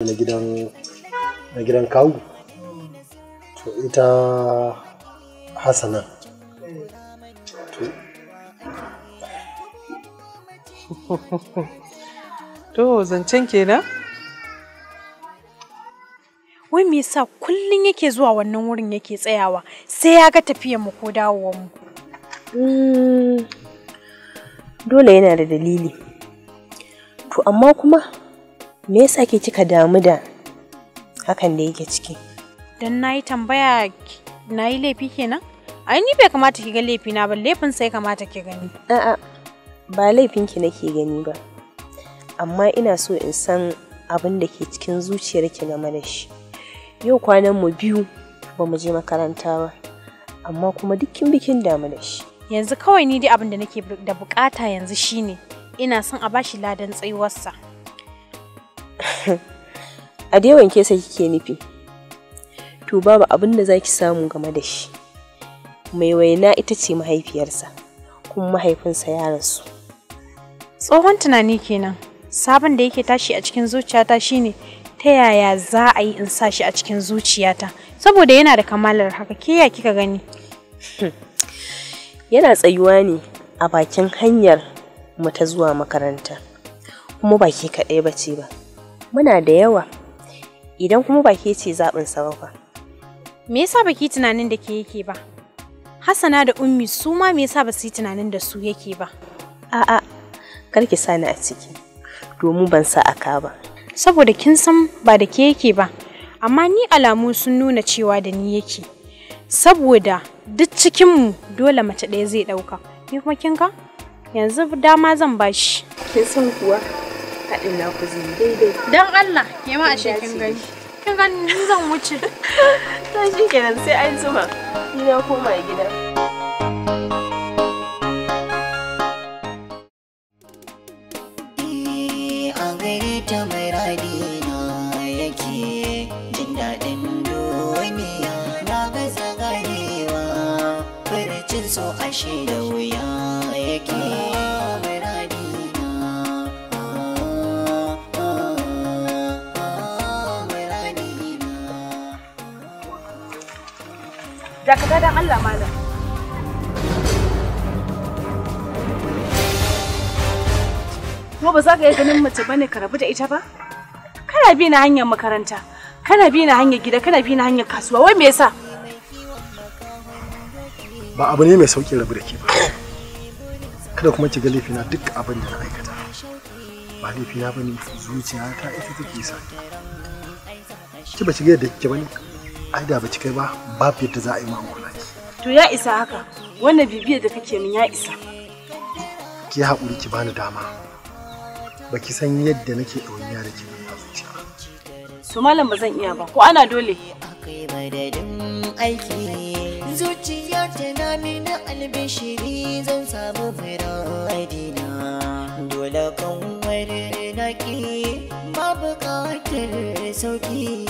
na gidan na kawu to ita hasana to zancen kenan wai me yasa kullun yake zuwa wannan wurin yake tsayawa sai ya ga tafiyar mu ko dawowar mu hmm. dole yana da dalili to amma kuma me yasa ke kika damu da hakan da yake ciki dan nayi tambaya nayi laifi kenan ai ni bai kamata ki ga laifi na ba laifin sai kamata ki gani a'a ba laifin ki nake gani ba amma ina so in san abin da ke cikin zuciyar zuciyarki game da shi yau kwanan mu biyu ba mu je makaranta ba amma kuma dukkin bikin damu da shi yanzu kawai ni dai abin da nake da bukata yanzu shine ina son a bashi ladan tsayuwarsa a dai wanke sa kike nufi to babu abin da zaki samu game da shi mai waina ita ce mahaifiyarsa kuma mahaifinsa ya rasu tsohon tunani kenan sabon da yake tashi a cikin zuciyata shine ta yaya za a yi in sa shi a cikin zuciyata saboda yana da kamalar haka ke ya kika gani yana tsayuwa ne a bakin hanyar mu ta zuwa makaranta kuma ba ke kaɗai ba ce ba muna da yawa idan kuma ba ke ce zaɓin sa ba me yasa baki tunanin da ke yake ba Hassana da Ummi su ma me yasa ba su yi tunanin da su yake ba a'a kar ki sani a ciki domin ban sa aka ba saboda kin san ba da ke yake ba amma ni alamu sun nuna cewa da ni yake saboda duk cikinmu dole mace ɗaya zai ɗauka ni kuma kin ga yanzu dama zan bashi kin san kuwa Haɗin na ku daidai. Don Allah, ke ma ashe kin gani. Kin gani ni zan wuce. To shi kenan sai an zuma. Ni na koma gida. A gare ta mai radina yake jin daɗin duniya na gaza ganewa farcin so ashe da dakata dan Allah malam kuma ba za ka yi ganin mace bane ka rabu da ita ba kana bi na hanyar makaranta kana bi na hanyar gida kana bi na hanyar kasuwa wai me yasa ba abu ne mai saukin rabu da ke ba kada kuma ki ga laifina duk abin da na aikata ba laifina bane zuciya ta ita take sa ki ba ki ga da kike ne. ai da ba kai ba babu yadda za a yi ma aure to ya isa haka wannan bibiyar da kake min ya isa ki haƙuri ki bani dama baki san yadda nake ɗauniya da ke nuna zuciya su malam ba zan iya ba ko ana dole akwai madadin aiki zuciya ta na albishiri zan samu muradina dole kan wani naki babu buƙatar sauki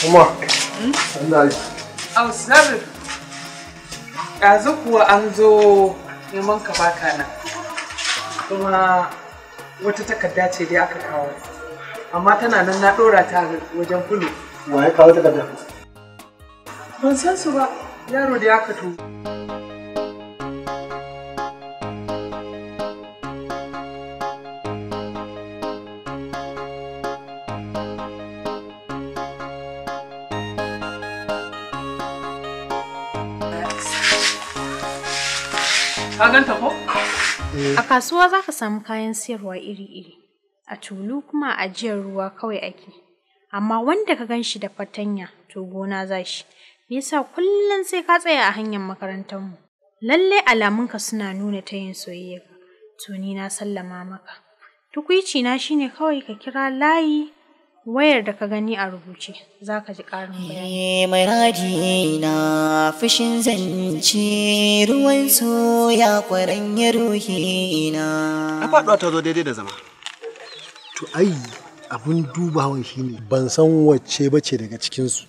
Kuma, Allah yi. Au, sabi, ɗazu kuwa an zo neman ka baka nan. Kuma wata takarda ce dai aka kawo. Amma tana nan na ɗora ta wajen kulu. Wa ya kawo takarda? Ban san su ba, yaro da ya ka tuwo. ganta ko? A kasuwa za ka samu kayan siyarwa iri-iri, a tulu kuma a ajiyar ruwa kawai ake. Amma wanda ka gan shi da fatanya to gona za shi, me yasa kullum sai ka tsaya a hanyar makarantarmu. Lallai alamunka suna nuna ta yin soyayya, to ni na sallama maka. Tukuici na shine kawai ka kira layi wayar da ka gani a rubuce za ka ji ƙarin bayani. mai radi na fushin zance ruwan soya kwaran ya ruhi na. A faɗuwa ta zo daidai da zama. To ai abin dubawan shine ban san wacce bace daga cikinsu.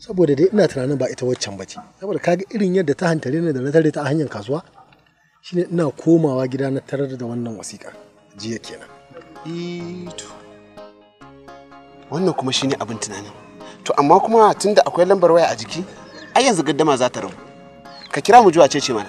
Saboda dai ina tunanin ba ita waccan bace. Saboda kaga irin yadda ta hantare ni da na tare ta hanyar kasuwa shine ina komawa gida na tarar da wannan wasiƙa jiya kenan. Ito. wannan kuma shine abin tunanin to amma kuma tunda akwai lambar waya a jiki ai yanzu gaddama za ta rabu ka kira mu juwa ce ce mana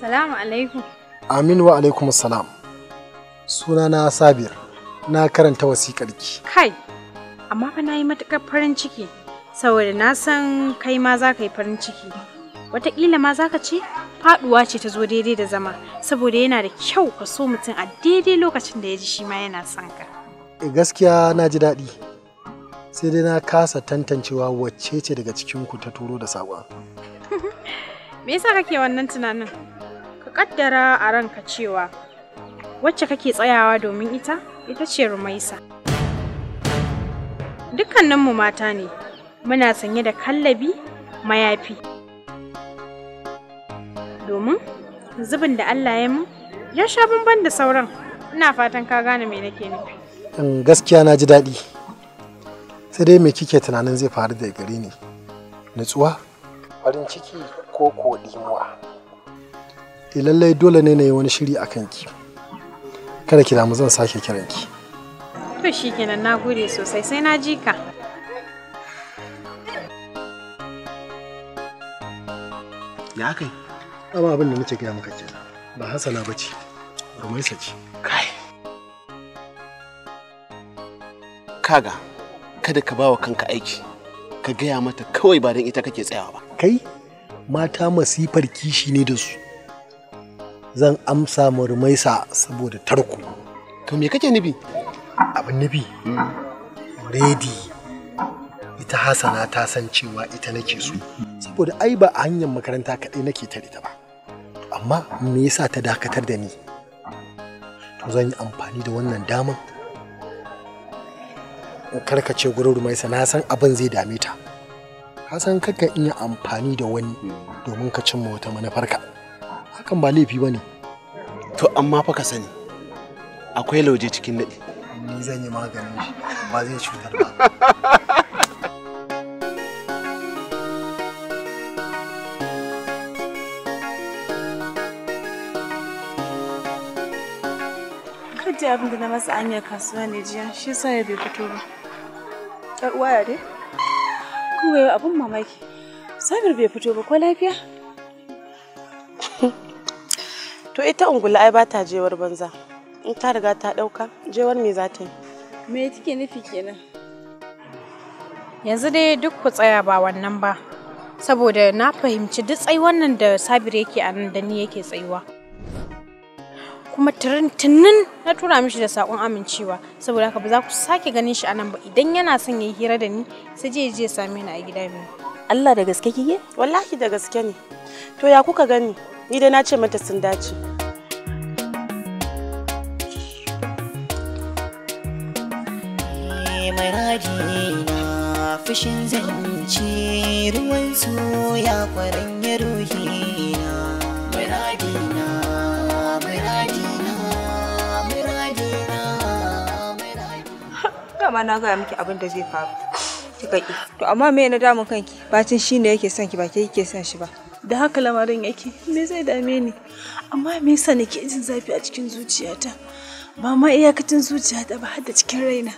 Salamu alaikum. Amin wa alaikum salam. Sunana Sabir, na karanta wasiƙarki. Kai, amma fa na yi matuƙar farin ciki saboda na san kai ma za ka yi farin ciki wataƙila ma za ka ce faɗuwa ce ta zo daidai da zama saboda yana da kyau ka so mutum a daidai lokacin da ya ji shi ma yana son ka eh, gaskiya na ji daɗi sai dai na kasa tantancewa wacce ce daga cikin ku ta turo da saƙon me yasa kake wannan tunanin ka kaddara a ranka cewa wacce kake tsayawa domin ita ita ce rumaisa Dukkaninmu mata ne, muna sanye da kallabi mayafi. Domin zubin da Allah ya mu ya sha bamban da sauran. Ina fatan ka gane me nake nufi. Gaskiya na ji daɗi. Sai dai me kike tunanin zai faru da gare ni? Nutsuwa? Farin ciki ko ko dimuwa? Eh, lallai dole ne na yi wani shiri a kanki. Kada ki damu zan sake kiranki. To shi kenan na gode sosai sai na ji ka. Ya kai? Amma abin da nace gaya maka kenan. Ba Hassana ba ce, Rumaisa Kai. Kaga, kada ka bawa kanka aiki. Ka gaya mata kawai ba don ita kake tsayawa ba. Kai, mata masifar kishi ne da su. Zan amsa ma saboda tarko. To me kake nufi? abin nufi Redi. ita hasana ta san cewa ita nake so saboda ai ba a hanyar makaranta kaɗai nake tare ta ba amma me yasa ta dakatar da ni to zan yi amfani da wannan damar in karkace gurin mai sana san abin zai dame ta ka san kakan iya amfani da wani domin ka cimma wata manufarka hakan ba laifi ba ne to amma fa ka sani akwai lauje cikin daɗi ni zan yi maganin shi ba zai cutar ba Kaji abin da na masa anya kasuwa ne jiya shi sa ya bai fito ba. uwa ya dai? Kuma yau abin mamaki. Sabir bai fito ba ko lafiya? To ita ungula ai ba ta jewar banza. in ta riga ta ɗauka jewar me za ta yi me kike nufi kenan yanzu dai duk ku tsaya ba wannan ba saboda na fahimci duk tsayi wannan da sabir yake a nan da ni yake tsayuwa kuma tunin na tura mishi da sakon amincewa saboda haka ba za ku sake ganin shi a nan ba idan yana son ya hira da ni sai je je same ni a gida mai Allah da gaske kike wallahi da gaske ne to ya kuka gani ni dai na ce mata sun dace maradi na fushin zance ruwan soya kwarin ya ruhi na na na na dama na gaya miki abin da zai faru kika ki to amma me na damun kanki bacin shine yake son ki ba ke yake son shi ba da haka lamarin yake me zai dame ni amma me yasa nake jin zafi a cikin zuciyata ba ma iyakacin zuciyata ba har da cikin raina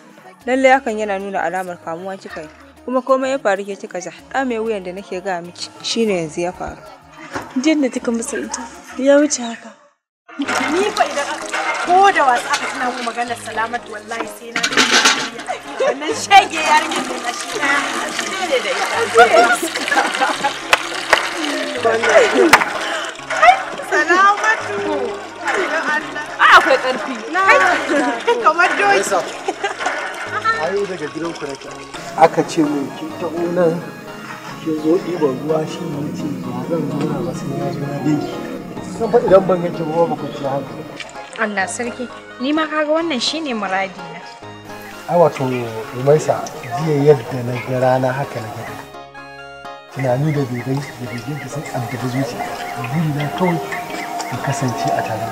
lallai hakan yana nuna alamar kamuwa kika yi kuma komai ya faru ke kika ja da mai wuyan da nake ga miki shine yanzu ya faru jin da kika musu ita ya wuce haka ni fa idan ko da wasa aka tana ku maganar salamat wallahi sai na wannan shege yarinyar da na shi na shi ne da ita salamatu a akwai ƙarfi kamar doki a ayo daga gidan ku nake aka ce min kin ta nan ki zo ɗiban ruwa shi ne ce ba zan zauna ba sai ya zo na dinki san fa idan ban ganki ruwa ba ku ci hankali Allah sarki ni ma kaga wannan shine muradi na ai wato Umaisa jiya yadda na ga rana haka na ga tunani da dogai da dogai da sun addabi zuciya buri na kawai in kasance a tare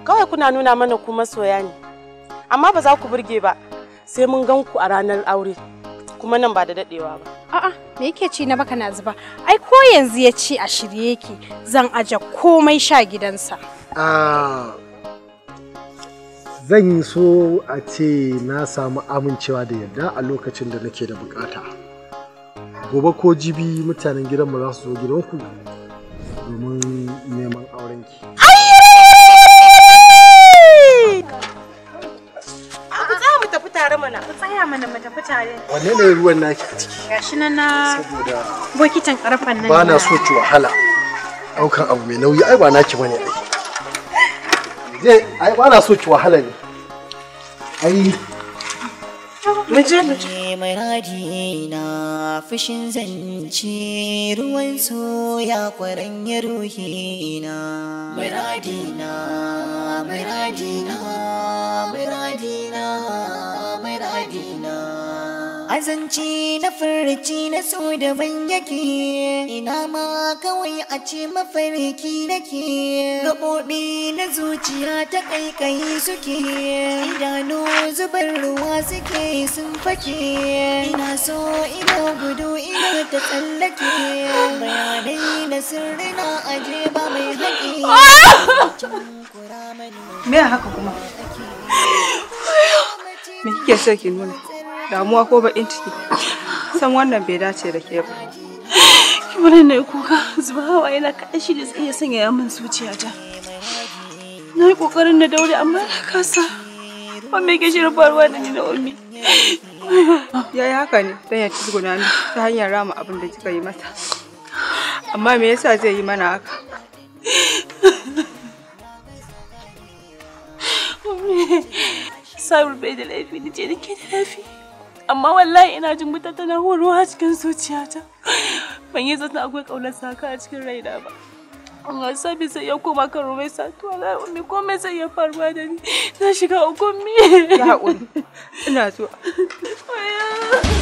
kawai kuna nuna mana kuma soya ne amma ba za ku burge ba sai mun gan ku a ranar aure kuma nan ba da dadewa ba a'a me yake ci na baka na zuba ai ko yanzu ya ce a shirye yake zan aje komai sha gidansa ah, Zan zan so a ce na samu amincewa da yadda a lokacin da nake da bukata gobe ko jibi mutanen gidanmu za su zo gidanku domin neman aurenki. tare mana. Ku tsaya mana mu tafi tare. Wanne ne ruwan naki a ciki? Gashi nan na karfan nan. Ba na so ci wahala. Daukan abu mai nauyi ai ba naki bane ai. ai ba na so ki wahala ne. Ai eh, mai radi fushin zance ruwan soya kwaran ya ruhi mai mai mai azanci na furci na so ban yake ina ma kawai a ce mafarki nake gaɓoɓi na zuciya ta kaikayi suke idanu zubar ruwa suke sun fake ina so ina gudu ina ta tsallake bayanai na sirri na aje ba mai haƙi me haka kuma me kike so ki nuna damuwa ko bakin ciki san wannan bai dace da ke ba kibirin na yi kuka zuba hawa yana kashi da tsaye sanya ya min ta. na yi ƙoƙarin na daure amma na kasa wanda yake shirin faruwa da ni na ummi ya yi haka ne don ya ci ne ta hanyar rama abin da kika yi mata amma me yasa zai yi mana haka Sabrı bai da laifi, ke da laifi. amma wallahi ina jin wuta tana horowa a cikin zuciyata ban yi zata akwai ƙaunar saka a cikin raina ba amma sabi sai ya koma kan rumai satuwa na ummi komai sai ya faruwa da ni na shiga hukumi. ya ina zuwa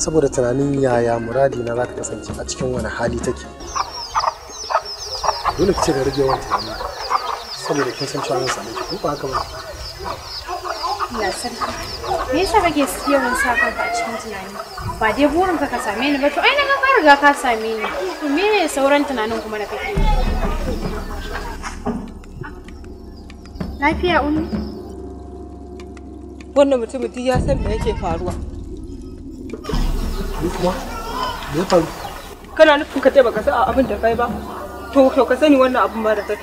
saboda tunanin yaya muradi na za kasance a cikin wani hali take dole ki ce da rage wani tunani saboda kin san cewa same ki ko ba haka ba ina sarki me yasa kake yawan sa kanka a cikin tunani ba dai burin ka ka same ni ba to ai na ka riga ka same ni to me ne sauran tunanin kuma da kake lafiya umi wannan mutum duk ya san me yake faruwa Ni kuma me ya faru? Kana nufin ka ce baka abin da kai ba? To to ka sani wannan abin ba da kai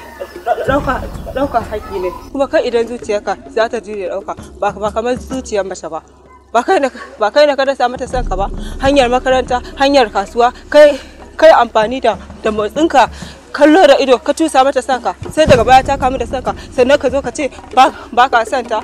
dauka dauka haƙi ne. Kuma kai idan zuciyarka za ta jure dauka ba ba kamar zuciyar mace ba. Ba kai na ba kai na ka mata son ka ba. Hanyar makaranta, hanyar kasuwa, kai kai amfani da da motsinka kallo da ido ka cusa mata sanka sai daga baya ta kamu da sanka sannan ka zo ka ce ba ka santa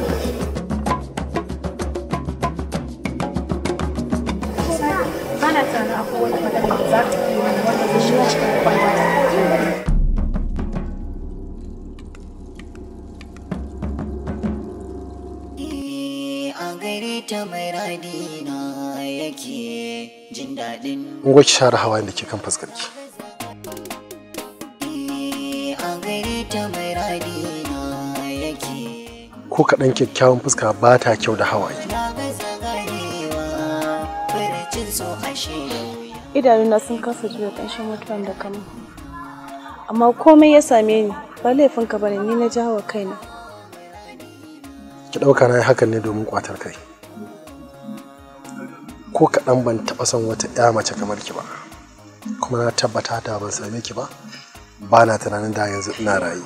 akwai wata magana da wanda mai yake da ke kan fuskarki. Ko kaɗan kyakkyawan fuska ba ta kyau da hawaye. idanuna sun kasa juya kashin mutuwan da kama amma komai ya same ni ba laifinka bane ni na jawo kaina ki ɗauka na yi hakan ne domin ƙwatar kai ko kaɗan ban taɓa son wata ƴa mace kamar ki ba kuma na tabbata da ban same ki ba ba na tunanin da yanzu ina rayu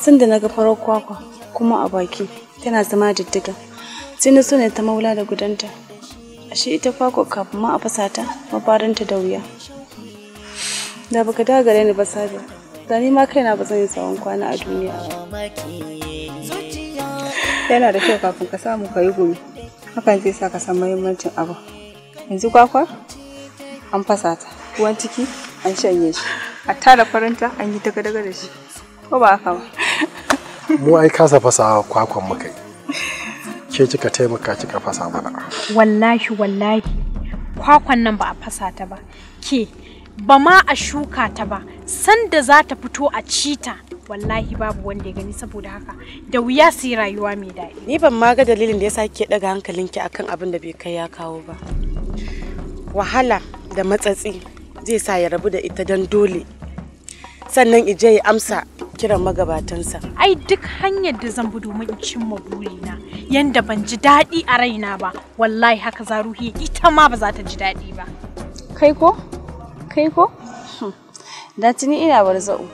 sun da na ga farar kwakwa kuma a baki tana zama diddiga sai na so ne ta maula da gudanta ashe ita kwakwa kafin ma a fasa ta mafarinta da wuya da baka dawo gare ni ba sabi da ni ma kaina ba zan yi tsawon kwana a duniya yana da kyau kafin ka samu ka yi gumi hakan zai sa ka san muhimmancin abu yanzu kwakwa an fasa ta ruwan ciki an shanye shi a tara farinta an yi daga-daga da shi ko ba haka ba mu ai kasa fasa kwakwan muka ke kika taimaka kika fasa mana wallahi wallahi kwakwan nan ba a fasa ta ba ke ba ma a shuka ta ba sanda za ta fito a cita wallahi babu wanda ya gani saboda haka da wuya su yi rayuwa mai daɗi ni ban ma ga dalilin da ya sa ke ɗaga hankalinki akan abin da bai kai ya kawo ba wahala da matsatsi zai sa ya rabu da ita don dole sannan ije ya amsa kiran magabatansa. Ai duk hanyar da zan bi domin in cimma burina yanda ban ji daɗi a raina ba wallahi haka zaruhi ita ma ba za ta ji daɗi ba. Kai ko? Kai ko? Hmm. Da tuni ina barza'u.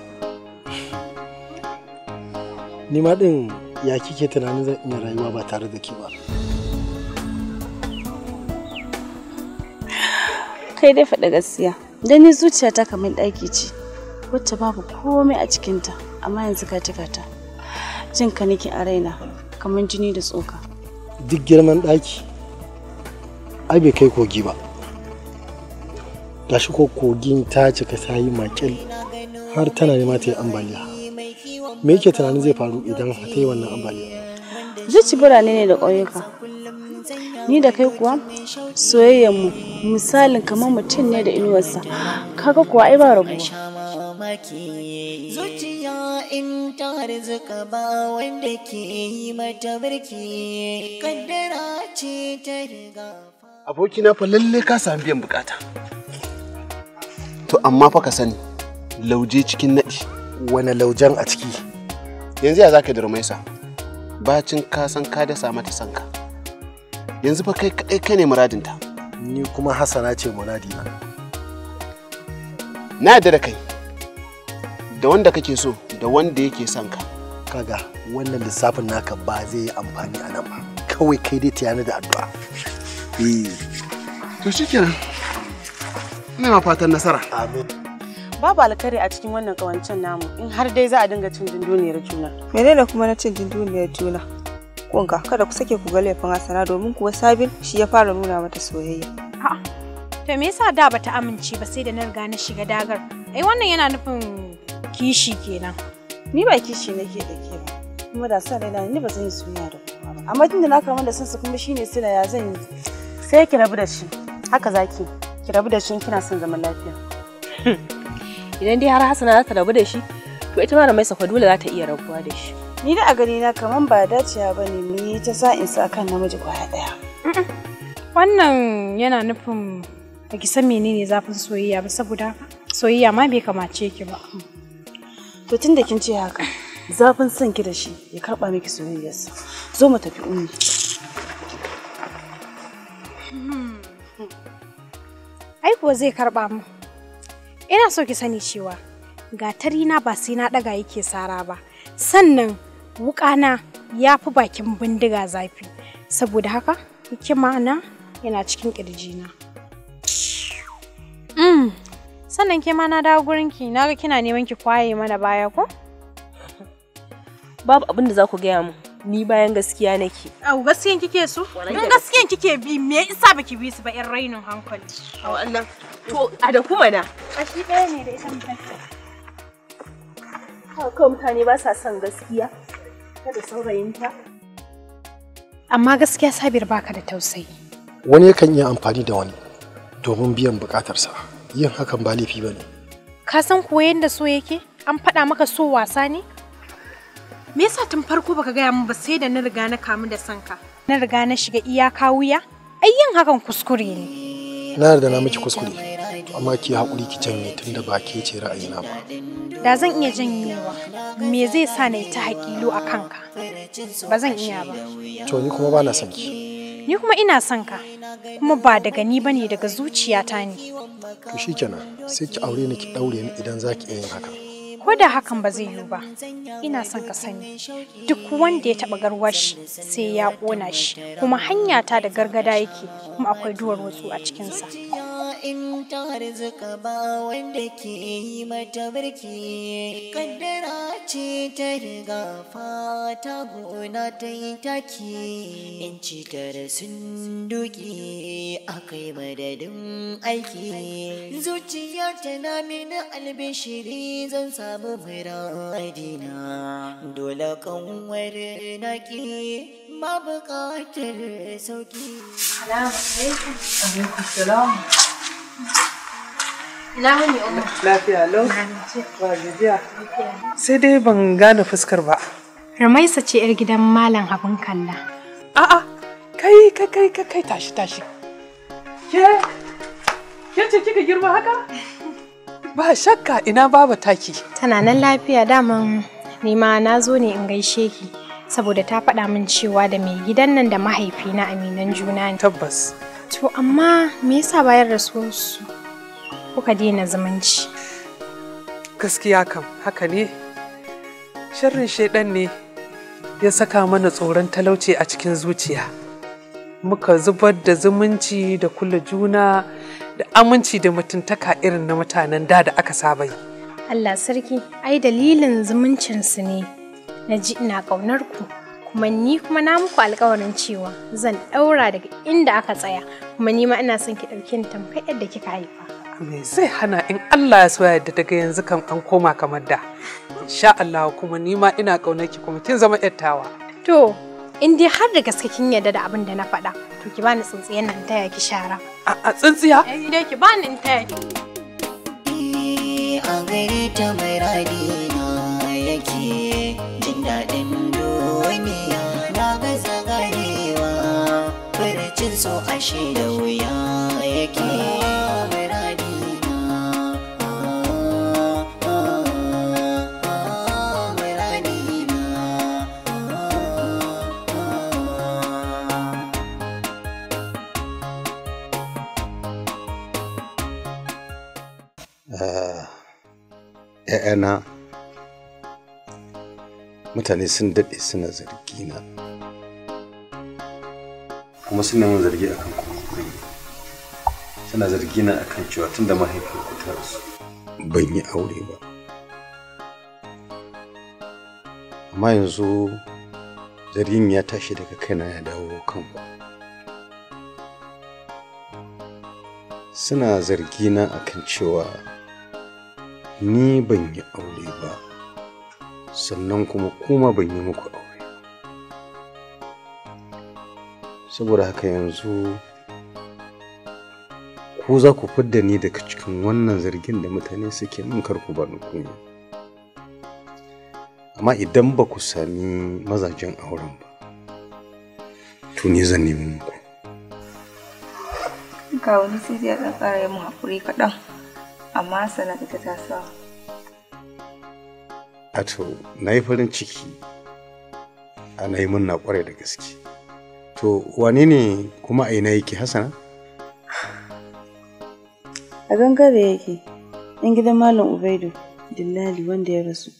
Ni ma ɗin ya kike tunanin zan iya rayuwa ba tare da ke ba. Kai dai faɗa gaskiya. Dan ni zuciyata kamar ɗaki ce wacce babu komai a cikinta. ta. amma yanzu ka tika ta jin ka nake a raina kamar jini da tsoka duk girman ɗaki ai bai kai kogi ba shi ko kogin ta cika ta yi makil har tana nema ta yi ambaliya me yake tunanin zai faru idan ta yi wannan ambaliya Zai ci birane ne da ƙauyuka ni da kai kuwa soyayyar mu misalin kamar mutum ne da inuwarsa kaga kuwa ai ba zuci in ta harzuka ba wanda ke yi mata birki kaddara ce ta riga abokina fa lalle ka sami biyan bukata to amma fa ka sani lauje cikin naɗi wani laujen a ciki yanzu ya za ka durmaisa bacin ka san ka dasa mata sanka yanzu fa kai kaɗai ka ne muradinta ni kuma hasana ce muradina na da da kai da wanda kake so da wanda yake son ka kaga wannan lissafin naka ba zai yi amfani a nan ba kawai kai dai tiyana da addu'a eh to shikenan ina fatan nasara amin babu alkari a cikin wannan kawancin namu in har dai za a dinga cin dunduniyar juna menene kuma na cin dunduniyar juna kunga kada ku sake ku ga laifin domin kuwa sabin shi ya fara nuna mata soyayya ha to me yasa da bata amince ba sai da na riga na shiga dagar ai wannan yana nufin kishi kenan ni ba kishi nake da ke ba kuma da sa raina ni ba zan yi suna da kowa ba amma tunda na kama da sansa kuma shine suna ya zan yi sai ki rabu da shi haka zaki ki rabu da shi kina son zaman lafiya idan dai har Hassana za ta rabu da shi to ita ma da mai safa dole za ta iya rabuwa da shi ni da a gani na kaman ba dacewa ba ne mu yi ta sa'in sa kan namiji kwaya daya wannan yana nufin ba ki san menene zafin soyayya ba saboda soyayya ma bai kamace ki ba To tun da kin ce haka, zafin son ki da shi ya karɓa miki soyayyarsa. Zo mu tafi umi. Ai kuwa zai karɓa mu. Ina so ki sani cewa gatari na ba sai na ɗaga yake sara ba. Sannan na ya fi bakin bindiga zafi. Saboda haka, hikima na yana cikin ƙirjina. Mm. sannan ke ma na dawo gurin ki na ga kina neman ki kwaye mana baya ko babu abin da za ku gaya mu ni bayan gaskiya nake au gaskiyan kike so in gaskiyan kike bi me yasa baki bi su ba in rainin hankali au Allah to a da kuma na a shi ɗaya ne da ita mutane kawai mutane ba sa son gaskiya kada saurayinta amma gaskiya sabir baka da tausayi wani kan iya amfani da wani domin biyan bukatarsa yin hakan ba laifi ba ne. Ka san kuwa yadda so yake? An faɗa maka so wasa ne? Me yasa tun farko baka gaya min ba sai da na riga na kamu da sanka? Na riga na shiga iyaka wuya? Ai yin hakan kuskure ne. Na yarda na miki kuskure, amma ki haƙuri ki janye tun da ba ke ce ra'ayina ba. Da zan iya janyewa, me zai sa na yi ta haƙilo a kanka? Ba zan iya ba. To ni kuma ba na sanki. ni kuma ina son ka kuma ba daga ni bane daga zuciyata ne to shikenan sai ki aure ni ki daure ni idan zaki iya yin haka ko da hakan ba zai yiwu ba ina son ka sani duk wanda ya taba garwashi sai ya kona shi kuma hanya ta da gargada yake kuma akwai duwar wasu a cikinsa in ta zuka ba wanda ke yi mata birki kaddara ce ta riga fata gona ta yi taki in tare sun duki a kai madadin aiki zuciya na mini albishiri zan samu adina dole kan na ke. mabukatar sauki. Salamu alaikum. salam. Ina hani umma. Lafiya lau. Ba gajiya. Sai dai ban gane fuskar ba. Ramaisa ce yar gidan Malam Habun Kalla. A'a, kai kai kai kai kai tashi tashi. Ke ke ce kika girma haka? Ba shakka ina babu taki. Tana nan lafiya daman nema ma na zo ne in gaishe ki. saboda ta faɗa min cewa da mai gidan nan da mahaifina aminan juna ne. Tabbas. To amma me yasa bayar bayan su kuka daina zumunci? Gaskiya kam haka ne. Sharrin shaidan ne ya saka mana tsoron talauci a cikin zuciya. Muka zubar da zumunci da kula juna da aminci da mutuntaka irin na mutanen da da aka saba yi. Allah sarki, ai dalilin zumuncinsu ne na ji ina ƙaunar ku kuma ni kuma na muku alkawarin cewa zan ɗaura daga inda aka tsaya kuma ni ma ina son ki ɗauke ni tamkar yadda kika haifa. Me zai hana in Allah ya so yadda daga yanzu kan an koma kamar da. Insha Allah kuma ni ma ina ƙaunar ki kuma kin zama yattawa. To in dai har da gaske kin yarda da abin da na faɗa to ki bani tsintsiyar nan taya ki shara. A tsintsiya? Eh dai ki bani in taya ki. A ta mai radina. yake jin daɗin duniya na gaza garewa farcin so ashe da wuya yake mutane sun daɗe suna zargi na kuma suna yin zargi akan kuɗi suna zargi na akan cewa tun da mahaifin ku ta rasu ban yi aure ba amma yanzu zargin ya tashi daga kaina ya dawo kan ku suna zargi na akan cewa ni ban yi aure ba sannan kuma kuma ban yi muku aure saboda haka yanzu ku za ku fidda ni daga cikin wannan zargin da mutane suke min ku ba kunya amma idan ba ku sami mazajen auren ba to ni zan nemi muku ga wani sai zai ɗan ƙara yin haƙuri kaɗan amma sana ta sa Ato, na yi farin ciki a na yi na kwarai da gaske. To, wane ne kuma a ina yake Hassana? A gangare yake, ɗan gidan Malam Ubaidu, Dillali wanda ya rasu.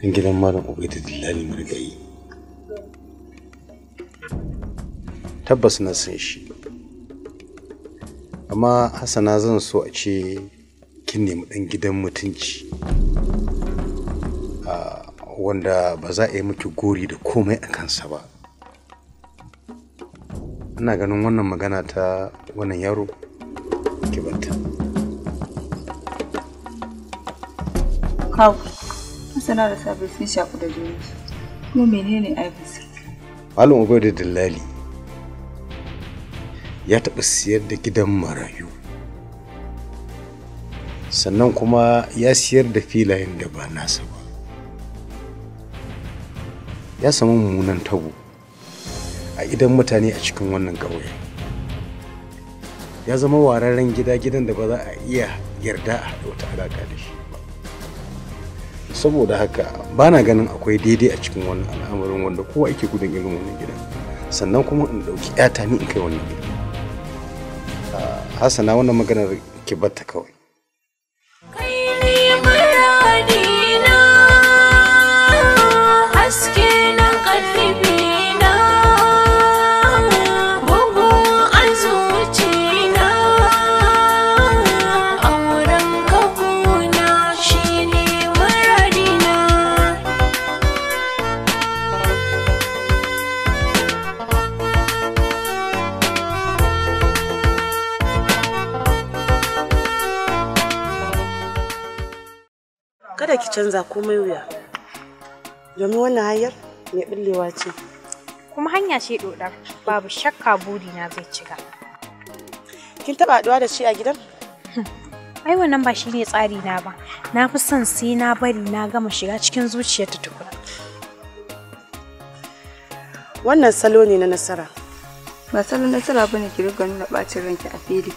Ɗan gidan Malam Ubaidu Dillali marigayi. Tabbas na san shi. Amma Hassana zan so a ce kin nemi ɗan gidan mutunci ah, wanda ba za a yi miki gori da komai a kansa ba ina ganin wannan magana ta wannan yaro ki batta kawo masana da sabi sun shafi da jini kuma menene ibc malam ubai da dillali ya taɓa siyar da gidan marayu sannan kuma ya siyar da filayen da ba nasa ba ya samu mummunan tabo a idan mutane a cikin wannan ƙauye ya zama wararen gida gidan da ba za a iya yarda a haɗa wata alaƙa da shi saboda haka ba na ganin akwai daidai a cikin wannan al'amarin wanda kowa ake gudun irin wannan gidan sannan kuma in ɗauki 'yata ni in kai wannan gidan ah, hasana wannan maganar ki batta kawai canza komai wuya domin wannan hanyar mai billewa ce kuma hanya ce dodar babu shakka na zai ciga kin taba haɗuwa da shi a gidan ai wannan ba shine tsari na ba na fi son sai na bari na gama shiga cikin ta tukuna wannan salo ne na nasara ba salo nasara ba ne ki riga nuna bacin ranki a fili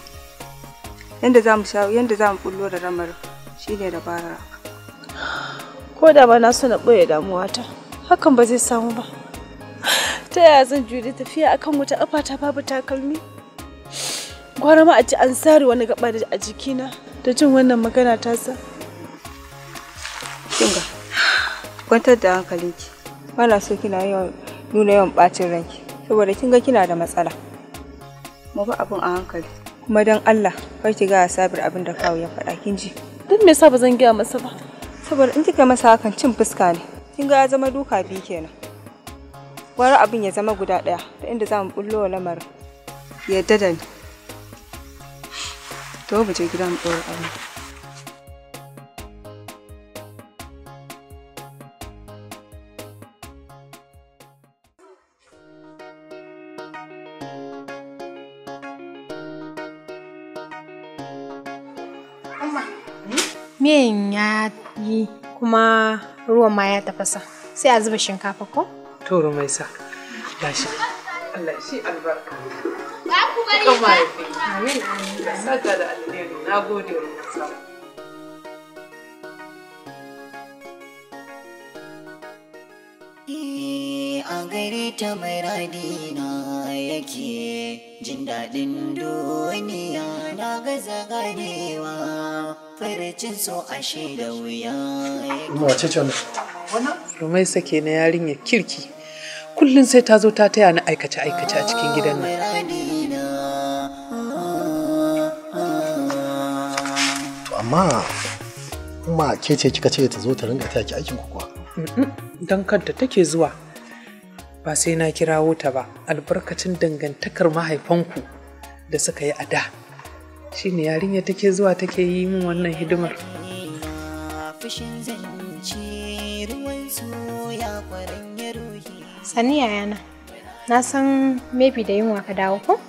yadda za mu yadda za mu bullo da ramar shine dabara ko da ba na so na ɓoye damuwata hakan ba zai samu ba ta yaya zan jure tafiya akan wata ƙafata babu takalmi gwara ma a ji an sari wani gaba a jikina da jin wannan magana ta sa kinga kwantar da hankalinki ba na so kina yawan nuna yawan ɓacin ranki saboda kinga kina da matsala mu ba abun a hankali kuma don Allah kar ki ga sabir abin da kawo ya faɗa kin ji dan me yasa ba zan gaya masa ba saboda in kika masa hakan cin fuska ne kin ga ya zama duka biyu kenan wari abin ya zama guda ɗaya ta inda za mu bullo wa lamar yadda da ni to mu je gidan mu abin ya yi kuma ruwan ma ya tafasa sai a zuba shinkafa ko? to mai sa gashi Allah shi albarka ba ku bari ba amin amin saka da alheri gode wa a gare ta mai radina yake jin daɗin duniya na gaza ganewa jin so wace ce wannan rumai sake na yarinya kirki kullum sai ta zo ta taya ni aikace aikace a cikin gidan nan to amma kuma ke ce kika ce ta zo ta ringa taya ki aikin ku kuwa dan kanta take zuwa ba sai na kirawo ta ba albarkacin dangantakar mahaifanku da suka yi a da shine yarinya take zuwa take yi min wannan hidimar sani yana, na san maybe da yunwa ka dawo ko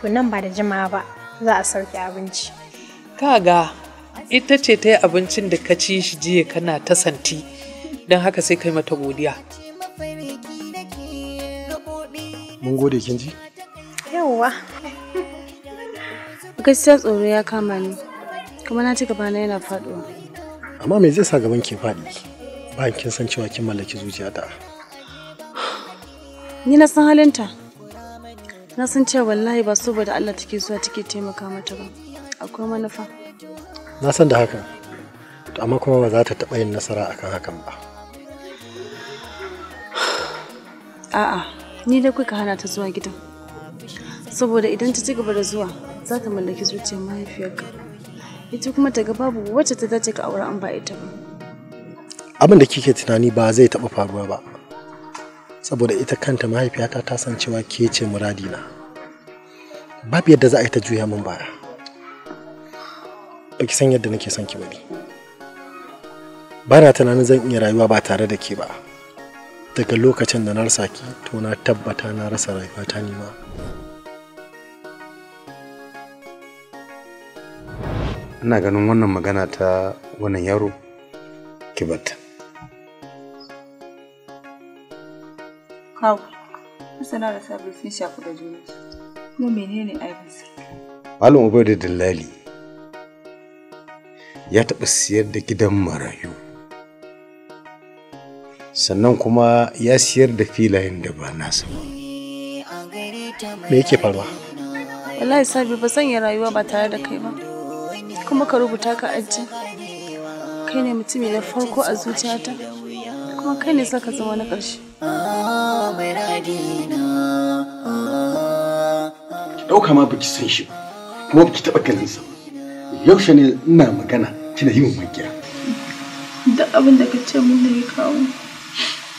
to nan ba da jimawa ba za a sauke abinci kaga ita ce ta yi abincin da ka ci shi jiya kana ta santi don haka sai kai mata godiya mun gode kin ji yawwa gaskiya tsoro ya kama ni kuma na ci gaba na yana faduwa amma me zai sa gaban ke faɗi ba kin san cewa kin mallaki zuciyata ni na san halinta na san cewa wallahi ba saboda Allah take zuwa take taimaka mata ba akwai manufa na san da haka to amma kuma ba za ta taɓa yin nasara akan hakan ba a'a ni da kuka hana ta zuwa gidan saboda idan ta ci gaba da zuwa za ta mallaki zuciyar mahaifiyarka ita kuma ta babu wacce ta dace ka aure an ba ita ba abin da kike tunani ba zai taɓa faruwa ba saboda ita kanta mahaifiyata ta san cewa ke ce na, babu yadda za a yi ta juya min baya ba ki san yadda nake son ki bari ba na tunanin zan iya rayuwa ba tare da ke ba daga lokacin da na rasa ki to na tabbata na rasa rayuwata nima ma ina ganin wannan magana ta wannan yaro ki batta kawo masana da sabi sun shafi da juna kuma menene aibinsa malam ubai da dillali ya taɓa siyar da gidan marayu sannan kuma ya siyar da filayen da ba nasa ba me yake faruwa wallahi sabi ba sanya rayuwa ba tare da kai ba kuma ka rubuta ka aji kai ne mutumi na farko a zuciyata kuma kai ne saka zama na ƙarshe ɗauka ma biki san shi kuma biki taɓa ganin sa yaushe ne ina magana kina yi min magiya duk abin da ka ce mun ne kawo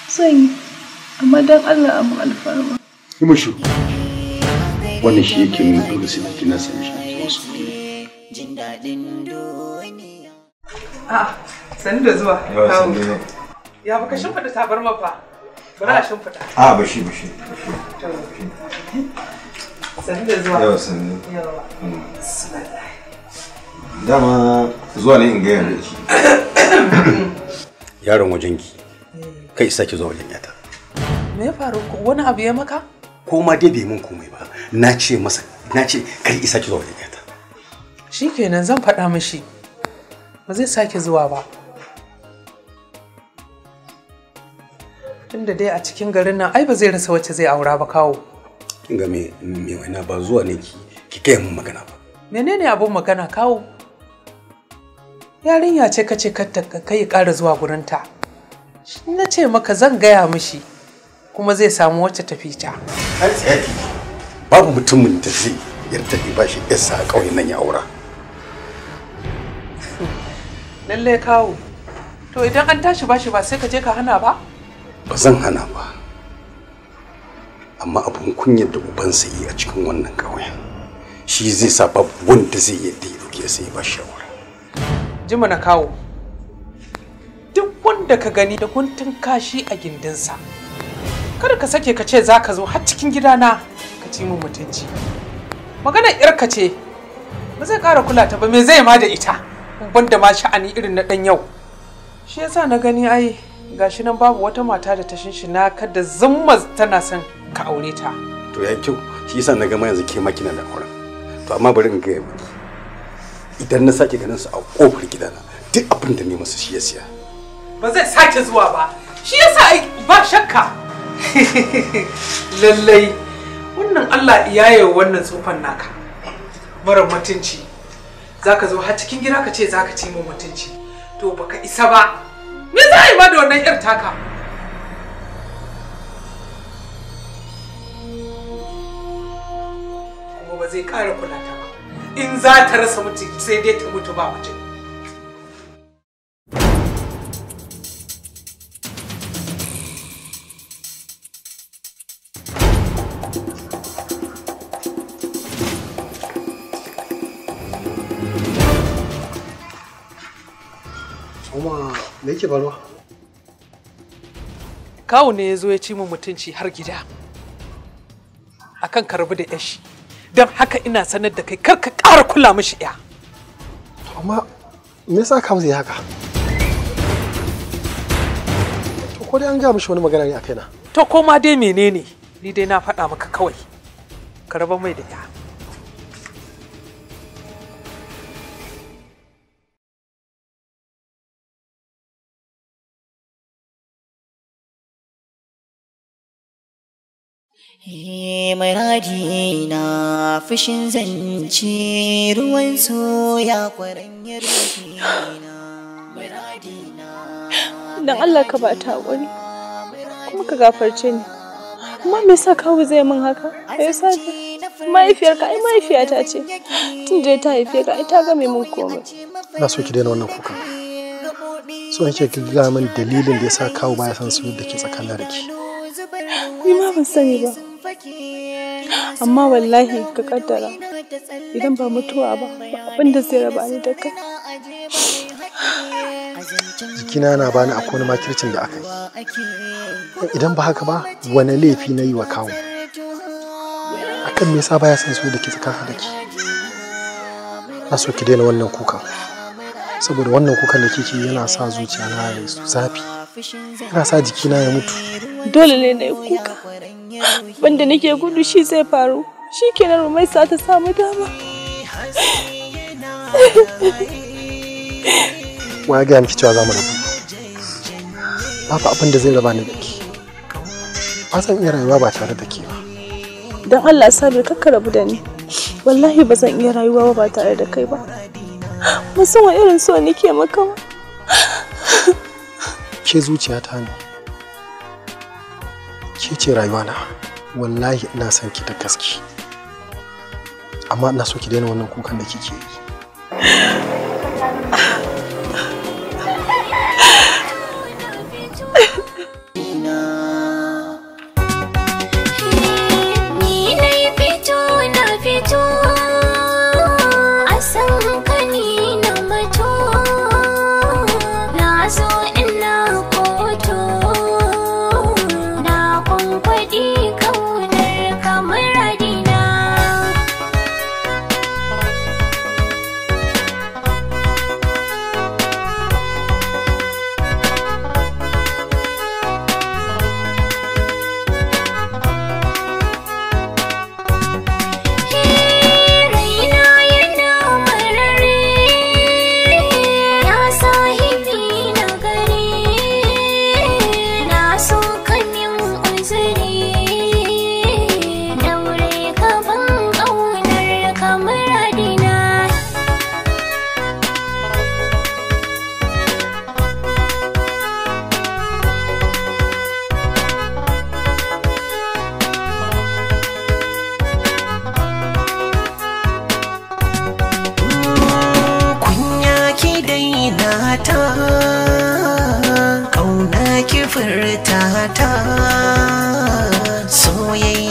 zan yi amma don Allah amin alfarma yi mu wannan shi yake nuna dole sai na kina san shi wasu jin daɗin duniya. Ah, sani da zuwa. Ya ka shimfiɗa tabar mafa. Bari a ah. shimfiɗa. Ah, Sani da zuwa. sani. Mm. Dama zuwa ne in gaya da Yaron wajenki. Eh. Kai isa ki wajen yata. Me ya faru? Wani abu ya maka? Ko ma dai bai mun komai ba. Na ce masa na isa ki wajen yata. Shi kenan zan faɗa mashi, ba zai sake zuwa ba. Tunda dai a cikin garin nan ai ba zai rasa wacce zai aura ba kawo. Kin ga me me waina ba zuwa ne ki ki kai mun magana ba. Menene abun magana kawo? Yarinya ce kace ka kai ƙara zuwa gurinta. Na ce maka zan gaya mishi kuma zai samu wacce tafi ta. fi ta babu mutumin da zai yarda ba shi yasa a ƙauyen nan ya aura. lalle kawo to idan an tashi bashi ba sai ka je ka hana ba ba zan hana ba amma abun kunyar da uban yi a cikin wannan ƙauyen shi zai sa babu wanda zai yadda ya dauke sai ba shawara ji na kawo duk wanda ka gani da guntun kashi a gindinsa kada ka sake ka ce za ka zo har cikin gidana ka ci min mutunci maganar 'yarka ce ba zai ƙara kula ta ba me zai ma da ita banda ma sha'ani irin na dan yau shi yasa na gani ai gashi nan babu wata mata da ta shinshina ka da tana son ka aure ta to ya kyau shi yasa na ma yanzu ke makina da to amma bari in gaya idan na sake ganin su a kofar gidana duk abin da ne musu shi siya ba zai sake zuwa ba shi yasa ba shakka lallai wannan Allah iyaye wannan tsofan naka mara mutunci za ka zo har cikin gida ka ce za ka ci mu mutunci to baka isa ba me za a yi ma da wannan yar taka kuma ba zai ƙara kula ta ba in za ta rasa mutu sai dai ta mutu ba mutunci Kuma me yake faruwa? ne ya zo ya ci min mutunci har gida. Akan karbi da yashi. Don haka ina sanar da kai kar ka ƙara kula mishi ya. Amma me yasa kawu zai haka? To ko dai an gaya mishi wani magana ne a kaina. To ko ma dai menene? Ni dai na faɗa maka kawai. Ka raba mai da ya. Eh, Maradi na fushin zance ruwan soya kwaranyar na. Dan Allah ka ba ta wani kuma ka gafarce ni. Kuma me yasa kawo zai min haka? Me yasa ka. ai mahaifiyata ce. Tun da ta haife ka ai ta game min komai. Na so ki daina wannan kuka. So nake ki ga min dalilin da yasa kawo ya san su da ke tsakanin da ke. Ni ma ban sani ba. amma wallahi ka kaddara idan ba mutuwa ba abin da zai raba ni da kai jikina na bani a kone makircin da aka yi idan ba haka ba wani laifi na yi wa kawo kan me yasa baya son so da ke tsakanin da ke na so ki daina wannan kuka saboda wannan kukan da kike yana sa zuciya na zafi rasa sa jikina ya mutu. Dole ne na yi kuka. banda nake gudu shi zai faru. Shi kenan Rumaisa ta samu dama. Wa ga miki cewa za mu rabu. Babu abin da zai raba ni da ke. Ba zan iya rayuwa ba tare da ke ba. Don Allah bai kakka rabu da ni. Wallahi ba zan iya rayuwa ba tare da kai ba. Musamman irin so nake maka ba. ke zuciyata ne ke ce rayuwana wallahi ina son ki da gaske amma ina so ki daina wannan kukan da kike yi ta ƙauna ki furta ta soyayya